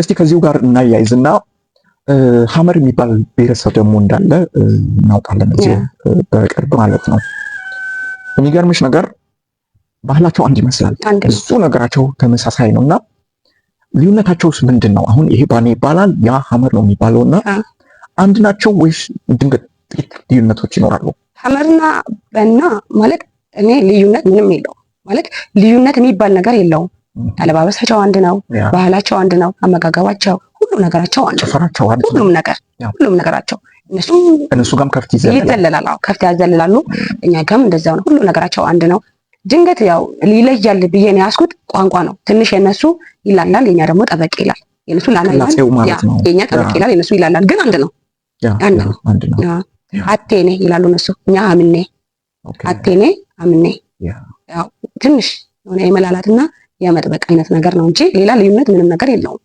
እስቲ ከዚሁ ጋር እናያይዝና ሀመር የሚባል ብሔረሰብ ደግሞ እንዳለ እናውቃለን እዚሁ በቅርብ ማለት ነው። የሚገርምሽ ነገር ባህላቸው አንድ ይመስላል፣ እሱ ነገራቸው ተመሳሳይ ነው እና ልዩነታቸውስ ምንድን ነው? አሁን ይሄ ባኔ ይባላል ያ ሀመር ነው የሚባለው እና አንድ ናቸው ወይስ ድንገት ጥቂት ልዩነቶች ይኖራሉ? ሀመርና በና ማለት እኔ ልዩነት ምንም የለውም ማለት ልዩነት የሚባል ነገር የለውም። አለባበሳቸው አንድ ነው፣ ባህላቸው አንድ ነው፣ አመጋገባቸው፣ ሁሉ ነገራቸው አንድ ነው። ሁሉም ነገር ሁሉም ነገራቸው እነሱም እነሱ ጋም ከፍት ይዘለላል። አዎ ከፍት ያዘልላሉ። እኛ ጋም እንደዛው ነው። ሁሉ ነገራቸው አንድ ነው። ድንገት ያው ሊለያል ብዬ ነው ያስኩት ቋንቋ ነው። ትንሽ የነሱ ይላላል፣ የኛ ደግሞ ጠበቅ ይላል። የነሱ ላላላል፣ የኛ ጠበቅ ይላል፣ የነሱ ይላላል። ግን አንድ ነው አንድ ነው አንድ ነው። አቴኔ ይላሉ እነሱ፣ እኛ አምኔ፣ አቴኔ አምኔ። ያው ትንሽ የሆነ የመላላት እና የመጥበቅ አይነት ነገር ነው እንጂ ሌላ ልዩነት ምንም ነገር የለውም።